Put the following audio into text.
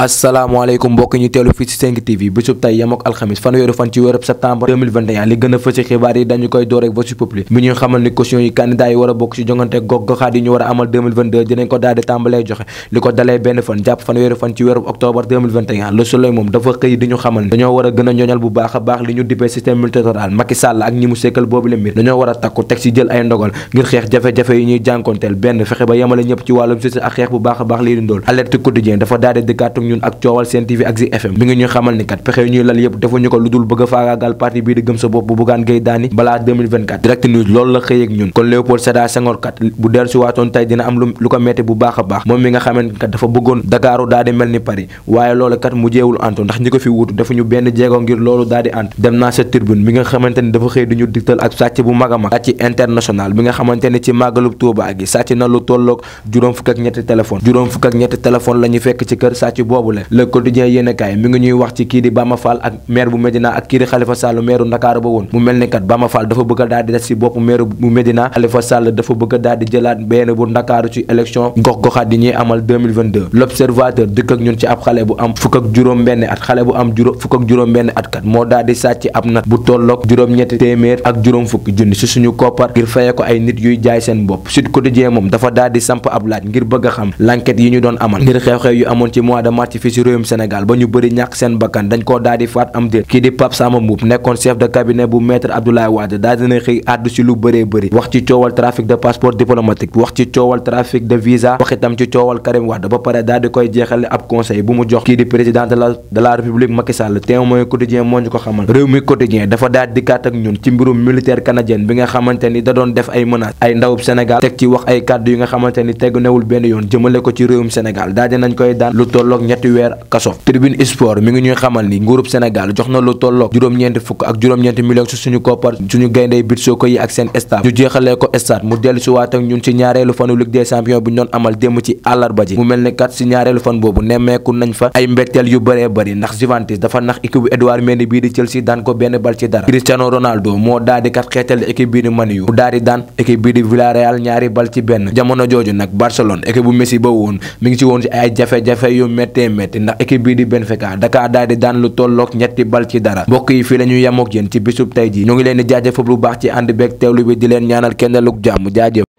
asalaamaaleykum mbokk ñu teelu fii ci TV bésub tey yem alxamis fanweeru fan ci weerub septembre li gën a xibaar yi dañu koy door ak vox mi ñuy xamal ni caution yi candidat yi war bokk ci jongante goxaat yi ñu war amal 2022 ko daal di joxe li ko dalee benn fan jàpp fanweeru fan ci weerub octobre soleil moom dafa xëy di ñu xamal ni dañoo war a ñoñal bu baax baax li ñu dippee système multilatéral Macky Sall ak ñi mu ñun ak coowal Sen TV ak Zik FM mi ngi ñuy kat pexe yu ñuy lal yëpp defuñu ko lu dul bëgg faagaagal parti bii di gëm sa bopp bu Bougane Gueye Dany balaa 2024 news loolu la xëy ak ñun kon Léopold Sédar Senghor bu dellu si waatoon tey dina am lu ko metti bu baax a baax moom mi nga xamante kat dafa bëggoon Dakaaru daal mel ni Paris waaye loolu kat mu jeewul antu ndax ñi ko fi wuutu defuñu benn jéego ngir loolu daal di dem naa sa tribune boobu le le quotidien yéen kaay mi ngi ñuy wax ci kii di Bamba Fall ak maire bu Médina ak kii di Khalifa Sall maire Ndakaaru ba woon mu mel ni kat Bamba dafa bëgg a des si bopp maire bu Médina Khalifa Sall dafa bëgg a jëlaat benn bu Ndakaaru ci élection gox-goxaat yi ñuy amal l'observateur dëkk ak ñun ci ab xale bu am fukk ak juróom-benn at xale bu am fukk ak juróom-benn at kat moo daal di sàcc ab nag bu tolloog juróom-ñetti téeméer ak juróom fukki a wàcc fi ci réewum Sénégal ba ñu bëri ñàkk seen bakkan dañ koo daal faat am déet kii di Pape Samba Mboup nekkoon chef de cabinet bu maître Abdoulaye Wade daal dina xëy àddu ci lu bëree bëri wax ci coowal trafic de passeport diplomatique wax ci coowal trafic de visa wax ci coowal Karim Wade ba pare daal koy jeexale ab conseil bu mu jox kii di président de la de la république moo ñu ko xamal réew mi Quotidien dafa daal dikkaat ak ñun ci mbirum da doon def ay menaces ñetti weer kaso tribune sport mi ngi ñuy xamal ni nguurub Sénégal jox na lu tolloog ak juróom-ñeenti suñu koppar suñu gayndey bit soo ko yi ak seen stade ñu jeexalee ko stade mu dellu si ak ñun ci ñaareelu fanu Ligue des champions bi ñu amal démb ci àllarba mu mel ni kat si ñaareelu fan boobu nemmeeku nañ fa ay mbetteel yu bëree bëri ndax Juventus dafa nax équipe bu Edouard Mendy bii di Chelsea daan ko benn bal ci dara Cristiano Ronaldo moo daal xeetal di U mu daal di daan équipe bii di Villarreal ñaari bal ci benn jamono jooju nag Barcelone metti ndax équipe bii di Benfica dakaa daal di daan lu tolloog ñetti bal ci dara mbokk yi fii la ñuy yemook ci bisub tey ji ñu ngi leen di jaajëfal bu baax ci ànd beeg teewlu bi di leen ñaanal kenn luk jàmm jaajëf